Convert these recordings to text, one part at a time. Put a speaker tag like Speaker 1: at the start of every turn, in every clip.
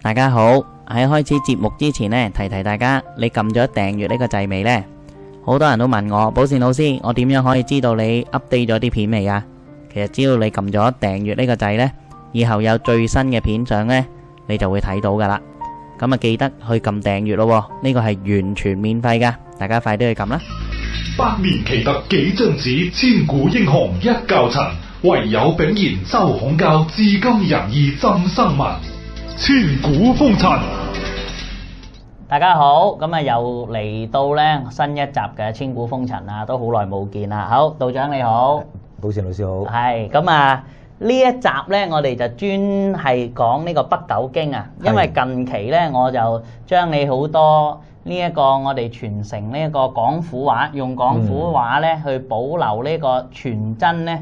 Speaker 1: 大家好，喺開始節目之前呢，提提大家，你撳咗訂閱呢個掣未呢？好多人都問我，寶善老師，我點樣可以知道你 update 咗啲片未啊？其實只要你撳咗訂閱呢個掣呢，以後有最新嘅片相呢，你就會睇到噶啦。咁啊，記得去撳訂閱咯，呢、這個係完全免費噶，大家快啲去撳啦。
Speaker 2: 百年奇特幾張紙，千古英雄一窖塵，唯有炳然周
Speaker 1: 孔教，至今仁義浸生民。
Speaker 2: 千古風塵，
Speaker 1: 大家好，咁啊又嚟到呢新一集嘅千古風塵啊，都好耐冇見啦。好，道長你好，寶善老師好，係咁啊呢一集呢，我哋就專係講呢個《北斗經》啊，因為近期呢，我就將你好多呢一個我哋傳承呢一個廣府話，用廣府話呢去保留呢個傳真呢。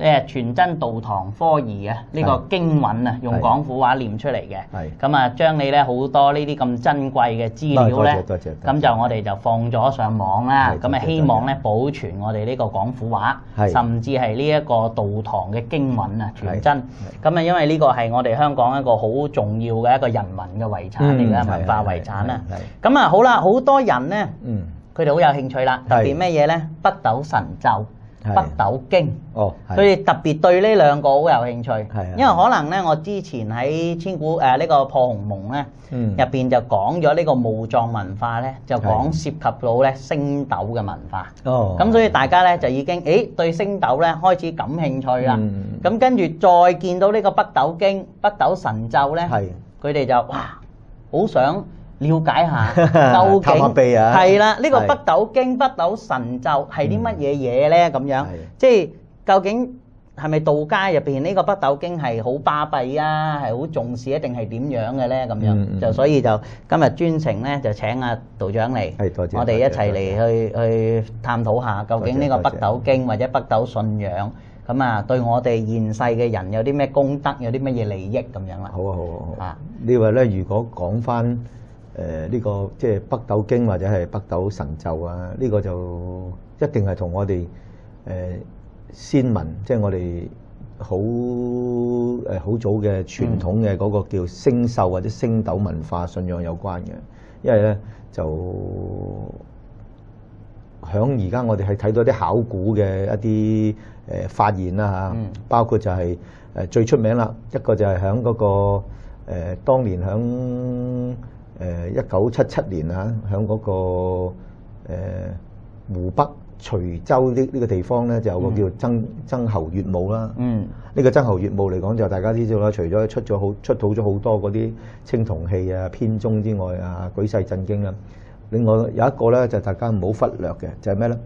Speaker 1: 誒全真道堂科儀啊，呢個經文啊，用廣府話念出嚟嘅，咁啊將你咧好多呢啲咁珍貴嘅資料咧，多謝，咁就我哋就放咗上網啦，咁啊希望咧保存我哋呢個廣府話，甚至係呢一個道堂嘅經文啊全真，咁啊因為呢個係我哋香港一個好重要嘅一個人民嘅遺產嚟嘅文化遺產啦，咁啊好啦，好多人咧，嗯，佢哋好有興趣啦，特別咩嘢咧？北斗神咒。北斗經哦，所以特別對呢兩個好有興趣，因為可能咧，我之前喺千古誒呢個破鴻蒙咧，入邊就講咗呢個墓葬文化咧，就講涉及到咧星斗嘅文化哦。咁所以大家咧就已經誒對星斗咧開始感興趣啦。咁跟住再見到呢個北斗經、北斗神咒咧，佢哋就哇好想了解下究竟係啦，呢個《北斗經》、《北斗神咒》係啲乜嘢嘢呢？咁樣即係究竟係咪道家入邊呢個《北斗經》係好巴閉啊？係好重視，定係點樣嘅呢？咁樣就所以就今日專程呢就請阿道長嚟，多謝，我哋一齊嚟去去探討下究竟呢個《北斗經》或者《北斗信仰》咁啊，對我哋現世嘅人有啲咩功德，有啲乜嘢利益咁樣啦？好啊，好啊，好
Speaker 2: 啊！你話呢，如果講翻。誒呢、呃這個即係北斗經或者係北斗神咒啊！呢、這個就一定係同我哋誒、呃、先民，即係我哋好誒好早嘅傳統嘅嗰個叫星宿或者星斗文化信仰有關嘅，因為咧就響而家我哋係睇到啲考古嘅一啲誒發現啦嚇，包括就係誒最出名啦，一個就係響嗰個誒、呃、當年響。誒一九七七年啊，喺嗰、那個、呃、湖北隨州呢呢個地方咧，就有個叫曾曾侯乙墓啦。嗯，呢個曾侯乙墓嚟講，就大家知道啦，除咗出咗好出土咗好多嗰啲青銅器啊、編鐘之外啊、舉世震驚啦。另外有一個咧，就是、大家唔好忽略嘅，就係咩咧？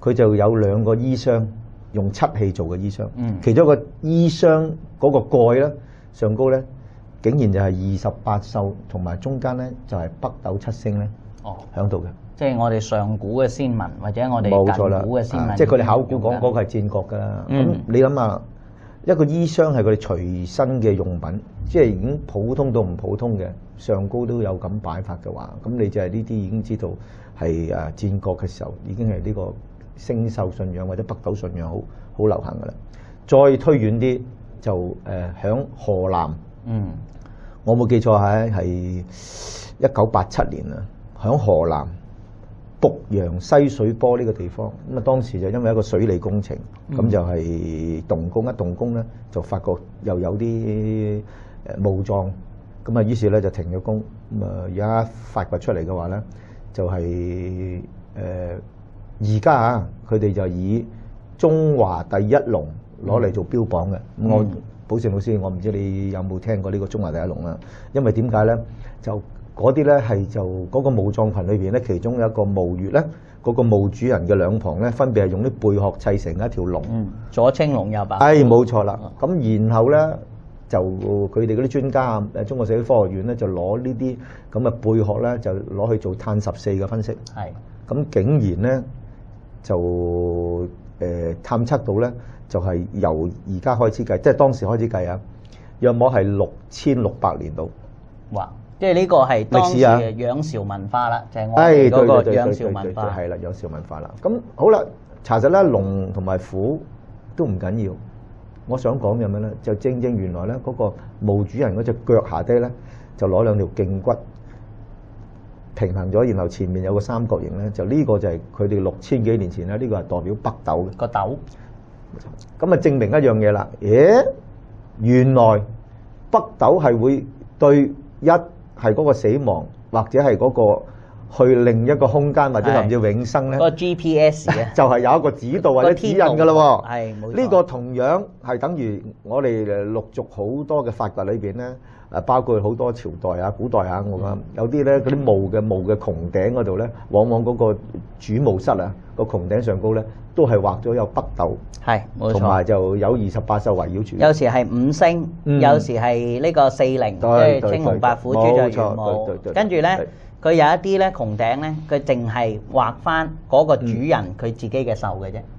Speaker 2: 佢就有兩個衣箱，用漆器做嘅衣箱。嗯，其中一個衣箱嗰個蓋咧上高咧。竟然就係二十八宿，同埋中間咧就係北斗七星咧，哦，喺度嘅。
Speaker 1: 即係我哋上古嘅先民，或者我哋近古嘅先民。冇錯啦。錯啊、即係佢哋考古講嗰個係戰國㗎。咁、
Speaker 2: 嗯、你諗下，一個衣箱係佢哋隨身嘅用品，即係已經普通到唔普通嘅。上高都有咁擺法嘅話，咁你就係呢啲已經知道係誒戰國嘅時候已經係呢個星宿信仰或者北斗信仰好好流行㗎啦。再推遠啲就誒喺河南。嗯，我冇記錯係，係一九八七年啊，喺河南濮陽西水坡呢個地方，咁啊當時就因為一個水利工程，咁就係動工一動工咧，就發覺又有啲誒墓葬，咁啊於是咧就停咗工，咁啊而家發掘出嚟嘅話咧，就係誒而家啊，佢、呃、哋就以中華第一龍攞嚟做標榜嘅，我、嗯。嗯寶善老師，我唔知你有冇聽過呢個中華第一龍啦？因為點解咧？就嗰啲咧係就嗰個墓葬群裏邊咧，其中有一個墓穴咧，嗰個墓主人嘅兩旁咧，分別係用啲貝殼砌成一條龍，左青龍右白。誒，冇錯啦。咁然後咧，就佢哋嗰啲專家誒中國社會科學院咧，就攞呢啲咁嘅貝殼咧，就攞去做碳十四嘅分析。係。咁竟然咧，就～誒探測到咧，就係由而家開始計，即係當時開始計啊。約莫係六千六百年度，哇！
Speaker 1: 即係呢個係當時嘅歷史啊。仰韶文化啦，就係我哋嗰個仰韶文化係
Speaker 2: 啦，仰韶文化啦。咁好啦，查實咧，龍同埋虎都唔緊要。我想講嘅咩咧？就正正原來咧，嗰個墓主人嗰隻腳下低咧，就攞兩條頸骨。平衡咗，然後前面有個三角形咧，就呢個就係佢哋六千幾年前咧，呢個係代表北斗嘅，個斗。咁啊，證明一樣嘢啦。耶，原來北斗係會對一係嗰個死亡，或者係嗰個去另一個空間，或者甚至永生咧。個 GPS 咧，就係有一個指導或者指引㗎咯。係冇錯。呢個同樣係等於我哋陸續好多嘅發掘裏邊咧。誒，包括好多朝代啊，古代啊，我講有啲咧，嗰啲墓嘅墓嘅穹頂嗰度咧，往往嗰個主墓室啊，個穹頂上高咧，都係畫咗有北斗，係冇錯，同埋就有二十八宿圍繞住。有時
Speaker 1: 係五星，有時係呢個四靈，即係青龍、白虎、朱雀、玄武。跟住咧，佢有一啲咧穹頂咧，佢淨係畫翻嗰個主人佢自己嘅壽嘅啫。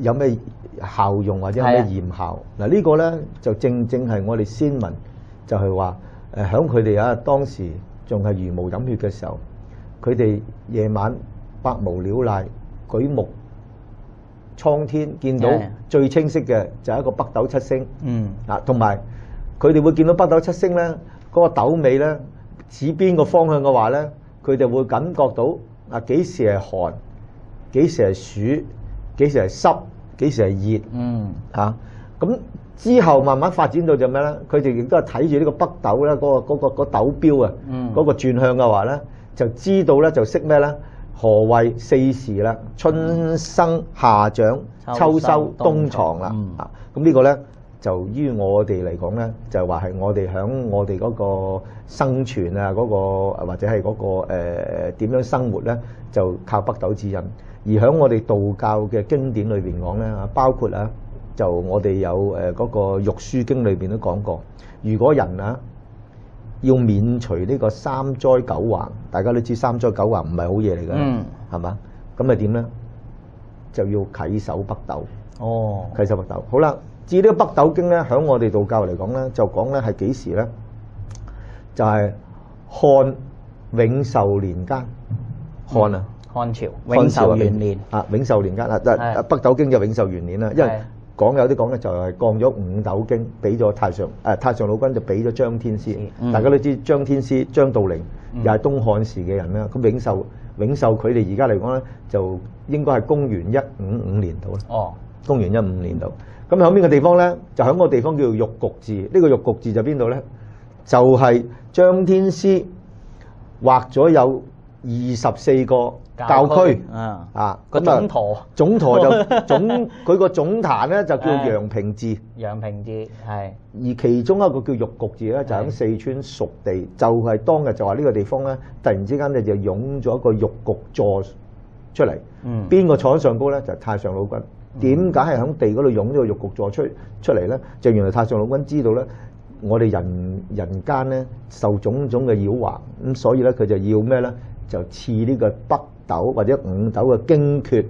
Speaker 2: 有咩效用或者有咩驗效？嗱是的 呢個咧就正正係我哋先民就係話誒，響佢哋啊當時仲係茹毛飲血嘅時候，佢哋夜晚百無聊賴舉目蒼天，見到最清晰嘅就係一個北斗七星。嗯，啊同埋佢哋會見到北斗七星咧，嗰個斗尾咧指邊個方向嘅話咧，佢哋會感覺到啊幾時係寒，幾時係暑。幾時係濕？幾時係熱？嗯，嚇咁、啊、之後慢慢發展到就咩咧？佢哋亦都係睇住呢個北斗咧、嗰個，嗰、嗰個嗰、嗰個嗰個、斗標啊，嗰、嗰個轉向嘅話咧，就知道咧就識咩咧？何為四時啦？春生夏長，嗯、秋收冬藏啦，嚇咁、嗯啊、呢個咧就於我哋嚟講咧，就話係我哋響我哋嗰個生存啊，嗰、嗰個或者係嗰、嗰個誒點、呃、樣生活咧，就靠北斗指引。而喺我哋道教嘅經典裏邊講咧，包括啊，就我哋有誒、那、嗰個《玉書經》裏邊都講過，如果人啊要免除呢個三災九橫，大家都知三災九橫唔係好嘢嚟㗎，係嘛、嗯？咁咪點咧？就要啟手北斗。哦，啟手北斗。好啦，至於呢個北斗經咧，喺我哋道教嚟講咧，就講咧係幾時咧？就係、是、漢永壽年間。漢啊！嗯漢朝永壽元年啊，永壽年間的啊，北斗經就永壽元年啦，的因為講有啲講咧就係降咗五斗經，俾咗太上誒、啊、太上老君就俾咗張天師，嗯、大家都知張天師張道陵又係東漢時嘅人啦。咁永壽永壽佢哋而家嚟講咧，就應該係公元一五五年度啦。哦，公元一五年度，咁響邊個地方咧？就響個地方叫做玉局寺。呢、這個玉局寺就邊度咧？就係、是、張天師畫咗有。二十四個教區，啊，個總舵，總舵就總佢個總壇咧就叫陽平治，陽平治係，而其中一個叫玉局治咧就喺四川屬地，就係當日就話呢個地方咧，突然之間咧就湧咗一個玉局座出嚟，邊個坐喺上高咧就太上老君，點解係響地嗰度湧咗個玉局座出出嚟咧？就原來太上老君知道咧，我哋人人間咧受種種嘅妖惑，咁所以咧佢就要咩咧？就賜呢個北斗或者五斗嘅經訣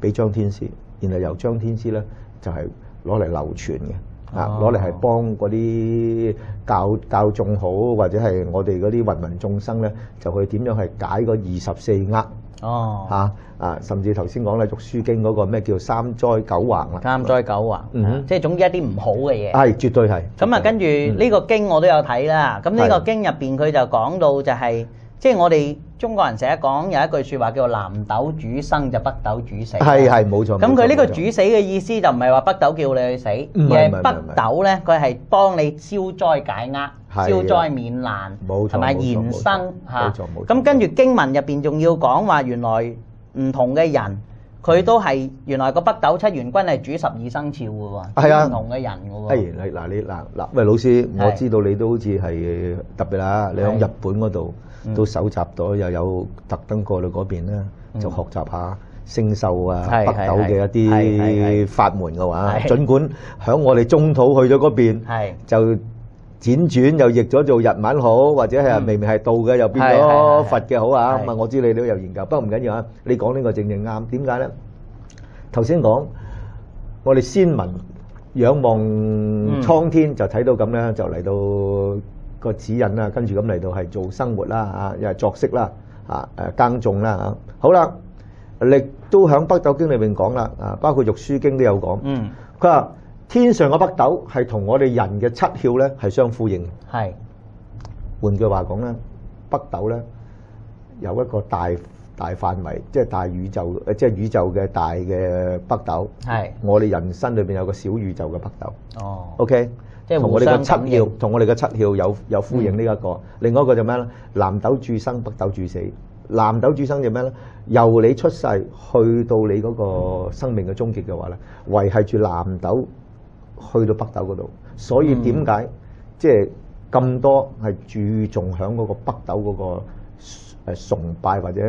Speaker 2: 俾張天師，然後由張天師咧就係攞嚟流傳嘅啊，攞嚟係幫嗰啲教教眾好，或者係我哋嗰啲芸芸眾生咧，就去點樣係解個二十四厄哦嚇啊，甚至頭先講咧讀書經嗰個咩叫三災九橫啦，三
Speaker 1: 災九橫，嗯哼，即係總之一啲唔好嘅嘢，
Speaker 2: 係絕對係咁
Speaker 1: 啊。跟住呢個經我都有睇啦，咁呢個經入邊佢就講到就係即係我哋。中國人成日講有一句説話叫做南斗主生就北斗主死，係
Speaker 2: 係冇錯。咁佢呢個主死
Speaker 1: 嘅意思就唔係話北斗叫你去死，而係北斗呢佢係幫你消災解厄、消災免難，同埋延生嚇？咁跟住經文入邊仲要講話，原來唔同嘅人佢都係原來個北斗七元君係主十二生肖嘅喎，唔同嘅人嘅喎。哎，
Speaker 2: 你嗱你嗱嗱，喂老師，我知道你都好似係特別啦，你響日本嗰度。都蒐集咗，又有特登過到嗰邊咧，就學習下星宿啊、北斗嘅一啲法門嘅話。儘管響我哋中土去咗嗰邊，就輾轉又譯咗做日文好，或者係明明係道嘅又變咗佛嘅好啊嚇。唔係我知你都有研究，不過唔緊要啊。你講呢個正正啱，點解咧？頭先講我哋先民仰望蒼天就睇到咁咧，就嚟到。個指引啦，跟住咁嚟到係做生活啦，啊，又係作息啦，啊，誒耕種啦，吓好啦，力都響北斗經裏面講啦，啊，包括玉書經都有講，嗯，佢話天上嘅北斗係同我哋人嘅七竅咧係相呼應嘅，係換是句話講咧，北斗咧有一個大大範圍，即係大宇宙，誒，即係宇宙嘅大嘅北斗，係是我哋人生裏邊有個小宇宙嘅北斗，哦，OK。同我哋嘅七耀，同我哋嘅七耀有有呼應呢一個。另外一個就咩咧？南斗注生，北斗注死。南斗注生就咩咧？由你出世去到你嗰個生命嘅終結嘅話咧，維係住南斗去到北斗嗰度。所以點解即係咁多係注重響嗰個北斗嗰個誒崇拜或者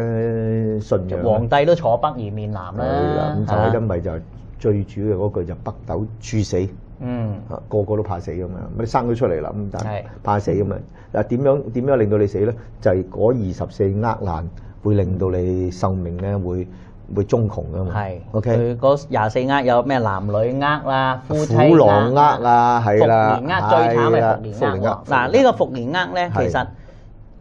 Speaker 2: 信仰？皇帝
Speaker 1: 都坐北而面南啦。咁就係因
Speaker 2: 為就係最主要嘅嗰句就北斗注死。嗯啊，個個都怕死咁啊！咁你生咗出嚟啦，咁但係怕死咁啊？嗱，點樣點樣令到你死咧？就係嗰二十四厄難會令到你壽命咧，會會終窮噶嘛？係 OK。佢
Speaker 1: 嗰廿四厄有咩男女厄啦、夫妻厄啦、復年厄，
Speaker 2: 最慘係復年厄嗱。
Speaker 1: 呢個復年厄咧，其實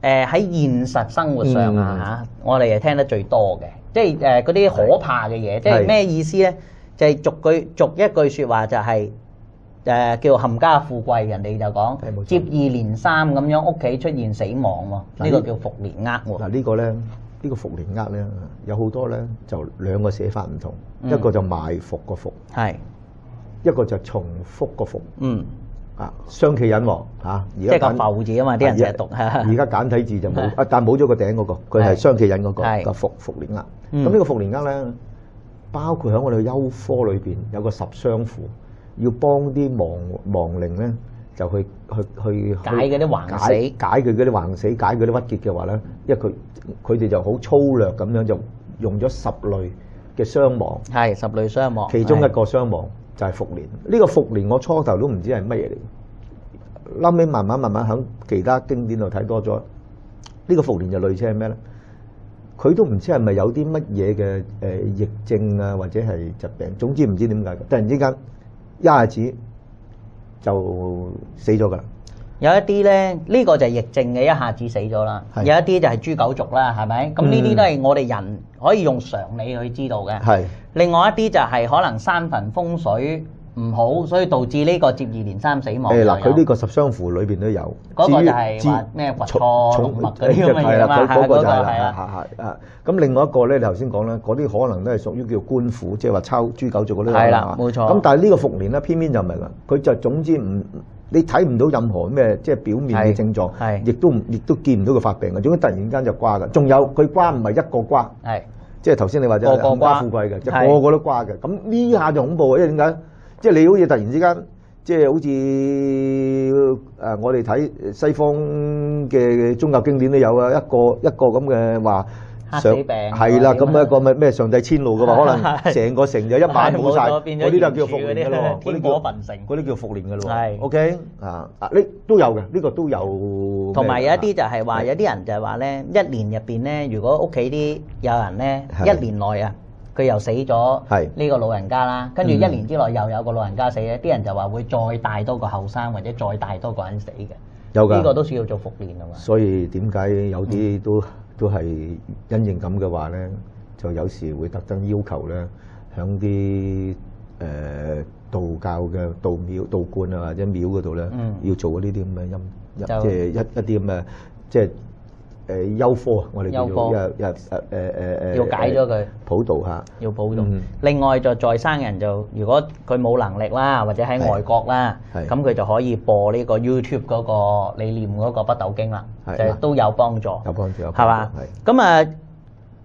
Speaker 1: 誒喺現實生活上啊，嚇我哋係聽得最多嘅，即係誒嗰啲可怕嘅嘢，即係咩意思咧？就係逐句逐一句説話就係。誒叫冚家富貴，人哋就講接二連三咁樣屋企出現死亡喎，呢個叫復連厄喎。嗱，
Speaker 2: 呢個咧，呢個復連厄咧，有好多咧就兩個寫法唔同，一個就埋伏個伏，係一個就重複個復。嗯，啊雙企隱王，嚇，而家即係個阜字啊嘛，啲人成日讀，而家簡體字就冇，一但冇咗個頂嗰個，佢係雙企隱嗰個個復復連厄。咁呢個復連厄咧，包括喺我哋優科裏邊有個十傷符。要幫啲亡亡靈咧，就去去去解嗰啲橫死，解佢嗰啲橫死，解嗰啲鬱結嘅話咧，因為佢佢哋就好粗略咁樣就用咗十類嘅傷亡，係十類傷亡。其中一個傷亡就係伏連，呢個伏連，我初頭都唔知係乜嘢嚟，後尾慢慢慢慢喺其他經典度睇多咗呢個伏連就類似係咩咧？佢都唔知係咪有啲乜嘢嘅誒疫症啊，或者係疾病，總之唔知點解嘅，突然之間。一下子就死咗噶啦，
Speaker 1: 有一啲咧呢、呢個就係疫症嘅，一下子死咗啦。是有一啲就係豬狗族啦，係咪？咁呢啲都係我哋人可以用常理去知道嘅。係是，另外一啲就係可能山墳風水。唔好，所以導致呢個接二連三死亡。誒嗱，佢呢
Speaker 2: 個十相符裏邊都有嗰個就係乜咩滑錯墨嗰啲咁嘅嘢嘛。係嗰個係啦，係係係啊。咁另外一個咧，你頭先講咧，嗰啲可能都係屬於叫官府，即係話抄豬狗做嗰啲嘢嘛。係啦，冇錯。咁但係呢個伏連咧，偏偏就唔係啦。佢就總之唔你睇唔到任何咩，即係表面嘅症狀，係亦都亦都見唔到佢發病嘅，總之突然間就瓜嘅。仲有佢瓜唔係一個瓜，係即係頭先你話就富貴嘅，即係個個都瓜嘅。咁呢下就恐怖嘅，因為點解？即係你好似突然之間，即係好似誒我哋睇西方嘅宗教經典都有啊，一個一個咁嘅話上係啦，咁啊個咪咩上帝遷怒嘅話，可能成個城就一晚冇曬，嗰啲就叫復聯嘅咯，天火焚城嗰啲叫復聯嘅咯。係，OK 啊啊呢都有嘅，呢個都有。同埋有一啲
Speaker 1: 就係話，有啲人就係話咧，一年入邊咧，如果屋企啲有人咧，一年內啊。佢又死咗，呢個老人家啦，是跟住一年之內又有一個老人家死咧，啲、嗯、人就話會再帶多個後生或者再帶多個人死
Speaker 2: 嘅，呢的個都算要做復連啊嘛。所以點解有啲都、嗯、都係因應咁嘅話咧，就有時會特登要求咧，喺啲誒道教嘅道廟道觀啊或者廟嗰度咧，嗯、要做呢啲咁嘅音，即係就一、就是、一啲咁嘅即係。就是誒憂科，我哋叫誒誒誒誒，要解咗佢，普度吓，
Speaker 1: 要普度。另外就在生人就，如果佢冇能力啦，或者喺外國啦，咁佢就可以播呢個 YouTube 嗰個你唸嗰個《北斗經》啦，就都有幫助，有幫助，係嘛？咁啊，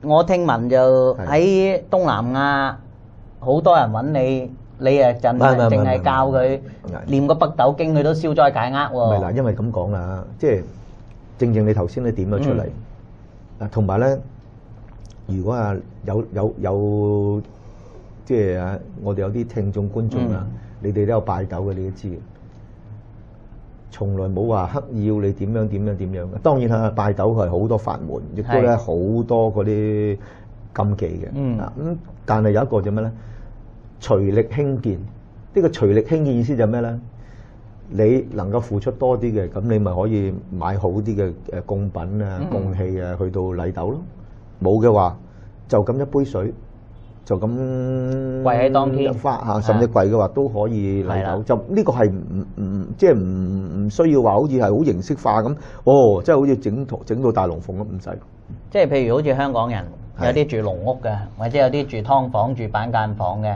Speaker 1: 我聽聞就喺東南亞好多人揾你，你誒陣間淨係教佢唸個《北斗經》，佢都消災解厄喎。唔係嗱，
Speaker 2: 因為咁講啊，即係。正正你頭先咧點咗出嚟，嗱同埋咧，如果啊有有有，即係啊，我哋有啲聽眾觀眾啊，嗯、你哋都有拜斗嘅，你都知，從來冇話刻意要你點樣點樣點樣嘅。當然啊，拜斗係好多法門，亦都咧好多嗰啲禁忌嘅。嗯，嗱咁，但係有一個就咩咧？隨力興建，呢、呢個隨力興建意思就咩咧？你能夠付出多啲嘅，咁你咪可以買好啲嘅誒供品啊、供器啊，去到禮斗咯。冇嘅話，就咁一杯水，就咁跪喺當天一花嚇，甚至跪嘅話都可以禮斗。就呢個係唔唔即係唔唔需要話好似係好形式化咁。哦，即係好似整整到大龍鳳咁，唔使。
Speaker 1: 即係譬如好似香港人有啲住農屋嘅，或者有啲住劏房、住板間房嘅。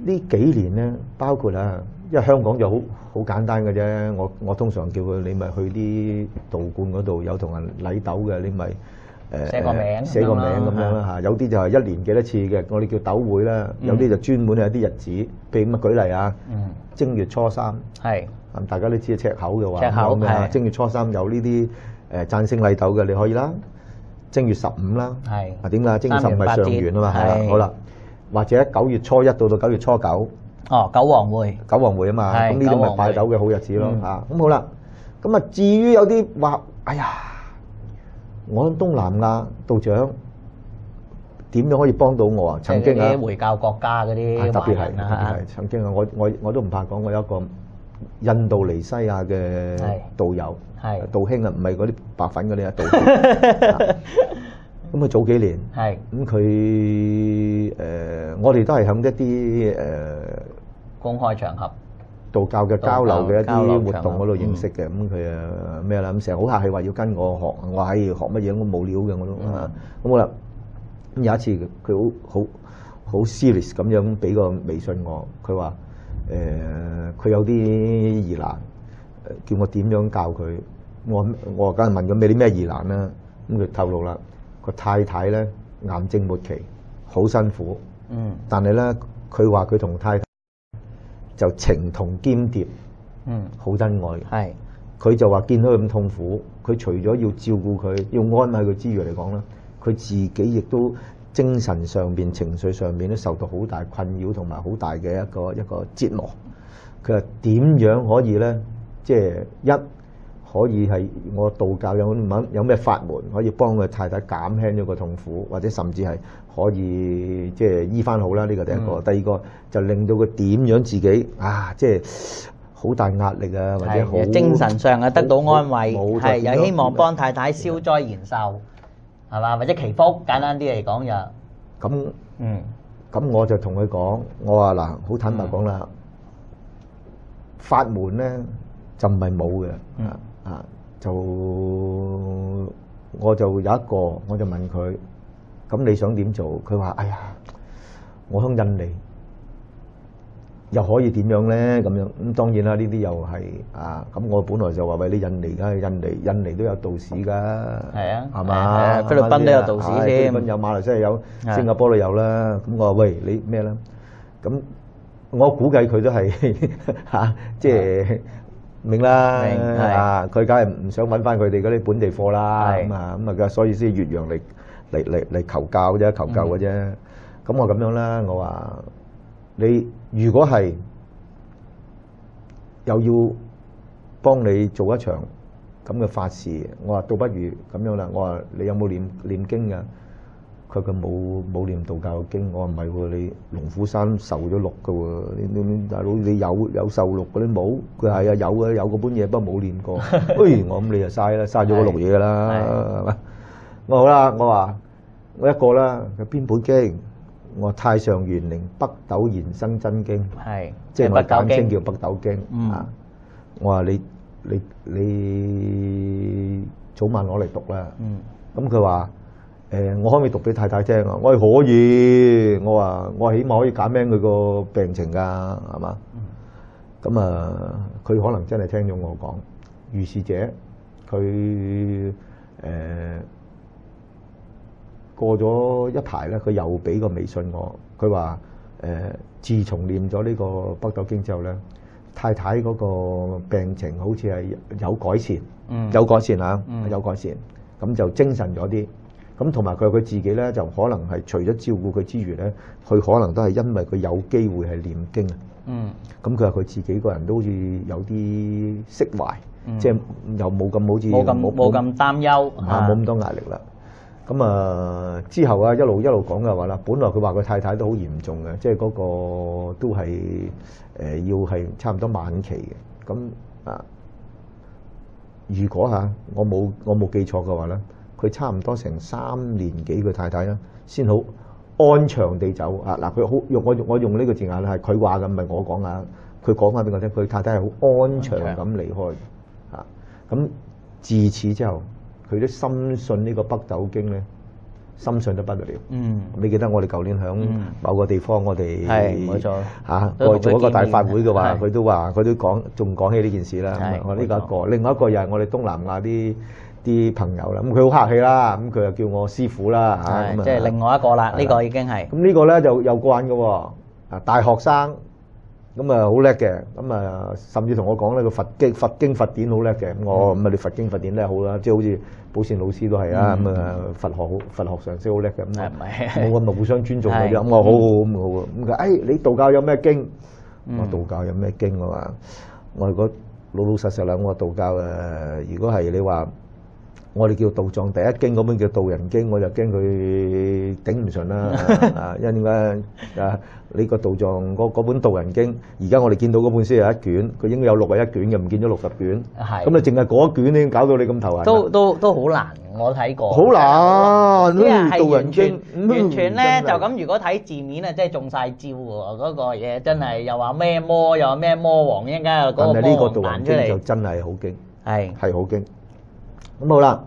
Speaker 2: 呢幾年咧，包括啦，因為香港就好好簡單嘅啫。我我通常叫佢，你咪去啲道觀嗰度有同人禮鬥嘅，你咪誒寫個名，寫個名咁樣啦嚇。有啲就係一年幾多次嘅，我哋叫鬥會啦。有啲就專門有啲日子，譬如咁啊舉例啊，正月初三係咁，大家都知係赤口嘅話，赤口係正月初三有呢啲誒贊星禮鬥嘅，你可以啦。正月十五啦，係啊點啊？正月十五咪上元啊嘛，係啦，好啦。或者九月初一到到九月初九哦，九皇會，九皇會啊嘛，咁呢啲咪擺酒嘅好日子咯啊，咁好啦，咁啊至於有啲話，哎呀，我喺東南亞道長點樣可以幫到我啊？曾經啊，
Speaker 1: 回教國家嗰啲特別係特別係是特別係，
Speaker 2: 曾經啊我我我都唔怕講，我有一個印度尼西亞嘅道友，道兄啊，唔係嗰啲白粉嗰啲啊道。是 咁佢早幾年係咁佢誒，我哋都係喺一啲誒、呃、
Speaker 1: 公開場合
Speaker 2: 道教嘅交流嘅一啲活動嗰度認識嘅。咁佢誒咩啦？咁成日好客氣話要跟我學，我喺學乜嘢咁冇料嘅我都。咁我啦，咁、嗯嗯、有一次佢好好好 serious 咁樣俾個微信我，佢話誒佢有啲疑難，叫我點樣教佢。我我梗係問佢咩啲咩疑難啦。咁佢透露啦。他們他們個太太咧癌症末期，好辛苦。嗯，但係咧，佢話佢同太太就情同鶼鰈，嗯，好真愛嘅是。佢就話見到咁痛苦，佢除咗要照顧佢、要安慰佢之餘嚟講咧，佢自己亦都精神上邊情緒上面都受到好大困擾同埋好大嘅一個一個折磨。佢話點樣可以咧？即係一。可以係我道教有乜有咩法門可以幫佢太太減輕咗個痛苦，或者甚至係可以即係醫翻好啦。呢個第一個，第二個就令到佢點樣自己啊，即係好大壓力啊，或者好精神上
Speaker 1: 啊得到安慰，係有希望幫太太消災延壽，係嘛？或者祈福，簡單啲嚟講就咁嗯，
Speaker 2: 咁我就同佢講，我話嗱，好坦白講啦，法門咧就唔係冇嘅。啊！就我就有一個，我就問佢：咁你想點做？佢話：哎呀，我響印尼，又可以點樣咧？咁樣咁當然啦，呢啲又係啊！咁我本來就話：喂、哎，你印尼梗係印尼，印尼都有道士㗎，係啊，係嘛吧、啊啊？菲律賓都有道士先。啊，添，有馬來西亞有，新加坡都有啦。咁、啊、我話：喂，你咩啦？咁我估計佢都係嚇，即係。明啦，係啊，佢梗係唔想揾翻佢哋嗰啲本地貨啦，咁啊是，咁啊，所以先越洋嚟嚟嚟嚟求教啫，求救嘅啫。咁我咁樣啦，我話你如果係又要幫你做一場咁嘅法事，我話倒不如咁樣啦，我話你有冇念念經㗎？佢冇，冇念道教經。我話唔係喎，你龍虎山受咗籙嘅喎，你你大佬你有有受籙嗰啲冇？佢係啊，有啊，有嗰本嘢，不過冇念過。哎，我咁你就嘥啦，嘥咗嗰籙嘢啦，係嘛？我好啦，我話我一個啦，佢邊本經？我太上玄靈北斗延生真經，係即係我簡稱叫北斗經啊。我話你你你早晚攞嚟讀啦。咁佢話。誒，我可以讀俾太太聽啊！我係可以，我話我起碼可以減輕佢個病情㗎，係嘛？咁啊、嗯，佢、呃、可能真係聽咗我講如是者，佢誒、呃、過咗一排咧，佢又俾個微信我，佢話誒，自從念咗呢個《北斗經》之後咧，太太嗰個病情好似係有改善，嗯、有改善啊，嗯、有改善，咁就精神咗啲。咁同埋佢話佢自己咧就可能係除咗照顧佢之餘咧，佢可能都係因為佢有機會係唸經啊。嗯。咁佢話佢自己個人都好似有啲釋懷，即係又冇咁好似冇冇咁擔
Speaker 1: 憂嚇，冇咁
Speaker 2: 多壓力啦。咁啊，之後啊一路一路講嘅話啦，本來佢話佢太太都好嚴重嘅，即係嗰個都係誒要係差唔多晚期嘅。咁啊，如果嚇我冇我冇記錯嘅話咧。佢差唔多成三年幾，佢太太咧先好安詳地走啊！嗱，佢好用我我用呢個字眼咧，係佢話嘅，唔係我講啊！佢講翻俾我聽，佢太太係好安詳咁離開啊！咁自此之後，佢都深信呢個《北斗經》咧，深信得不得了。嗯，你記得我哋舊年響某個地方，我哋係冇錯啊！我哋做一個大法會嘅話，佢都話佢都講，仲講起呢件事啦。我呢個一個，另外一個又係我哋東南亞啲啲朋友啦，咁佢好客氣啦，咁佢又叫我師傅啦嚇，咁啊即係另外一個啦，呢個已經係咁呢個咧就有關嘅喎，啊大學生咁啊好叻嘅，咁啊甚至同我講呢個佛經佛經佛典好叻嘅，我咁啊啲佛經佛典咧好啦，即係好似寶善老師都係啦咁啊佛學佛學常識好叻嘅，咁啊冇咁啊互相尊重嘅，咁我好好咁好嘅，咁佢誒你道教有咩經？我道教有咩經啊？我係講老老實實啦，我道教誒，如果係你話。我哋叫《道藏第一經》嗰本叫《道人經》，我就驚佢頂唔順啦。因為點解啊？呢個道藏嗰本《道人經》，而家我哋見到嗰本書有一卷，佢應該有六十一卷又唔見咗六十卷。係。咁你淨係嗰一卷已經，搞到你咁頭痕。都
Speaker 1: 都都好難，我睇過。好難。
Speaker 2: 呢個《道人經》完全咧就咁，
Speaker 1: 如果睇字面啊，即係中晒招喎。嗰個嘢真係又話咩魔，又話咩魔王，一陣間有嗰個魔。但係呢個《道人經》就
Speaker 2: 真係好經，係係好經。咁好啦，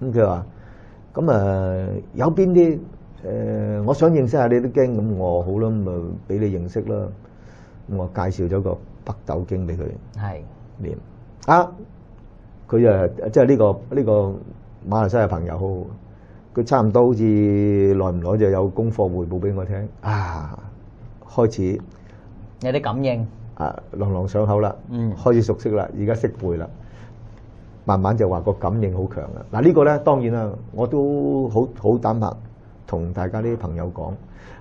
Speaker 2: 咁佢話：咁誒有邊啲誒，我想認識下你啲經，咁我好啦，咁咪俾你認識啦。咁我介紹咗個《北斗經》俾佢，係唸啊！佢誒即係呢個呢個馬來西亞朋友，好好，佢差唔多好似耐唔耐就有功課回報俾我聽啊！開始有啲感應啊，朗朗上口啦，嗯，開始熟悉啦，而家識背啦。慢慢就話個感應好強啦！嗱呢個咧當然啦，我都好好坦白同大家啲朋友講，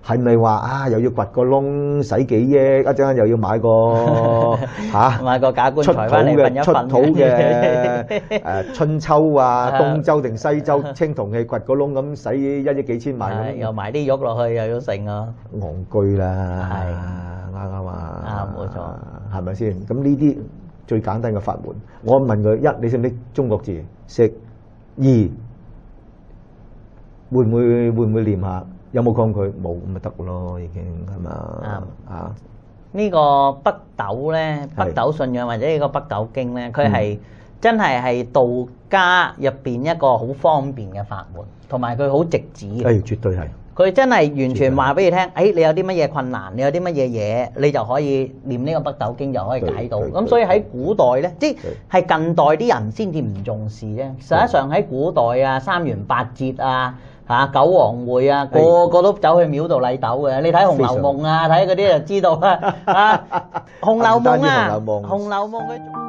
Speaker 2: 係咪話啊又要掘個窿使幾億，一陣間又要買個
Speaker 1: 嚇買個假棺材翻嚟，出土嘅
Speaker 2: 春秋啊、東周定西周青銅器，掘個窿咁使一億幾千萬咁，又埋啲玉落去，又要成啊，戇居啦，係啱啱啊，啊冇錯，係咪先？咁呢啲。最簡單嘅法門，我問佢一，你識唔識中國字？識。二，會唔會會唔會唸下？有冇抗拒？冇咁咪得咯，已經係嘛？啱啊！呢、
Speaker 1: 嗯這個北斗咧，北斗信仰或者呢個北斗經咧，佢係、嗯、真係係道家入邊一個好方便嘅法門，同埋佢好直
Speaker 2: 指嘅。係、哎，絕對係。
Speaker 1: 佢真係完全話俾你聽，誒，你有啲乜嘢困難，你有啲乜嘢嘢，你就可以念呢個《北斗經》就可以解到。咁所以喺古代呢，即係近代啲人先至唔重視啫。實際上喺古代啊，三元八節啊，嚇九皇會啊，個個都走去廟度禮斗嘅。你睇《紅樓夢》啊，睇嗰啲就知道喇。《紅樓夢》啊，《紅樓夢》嘅。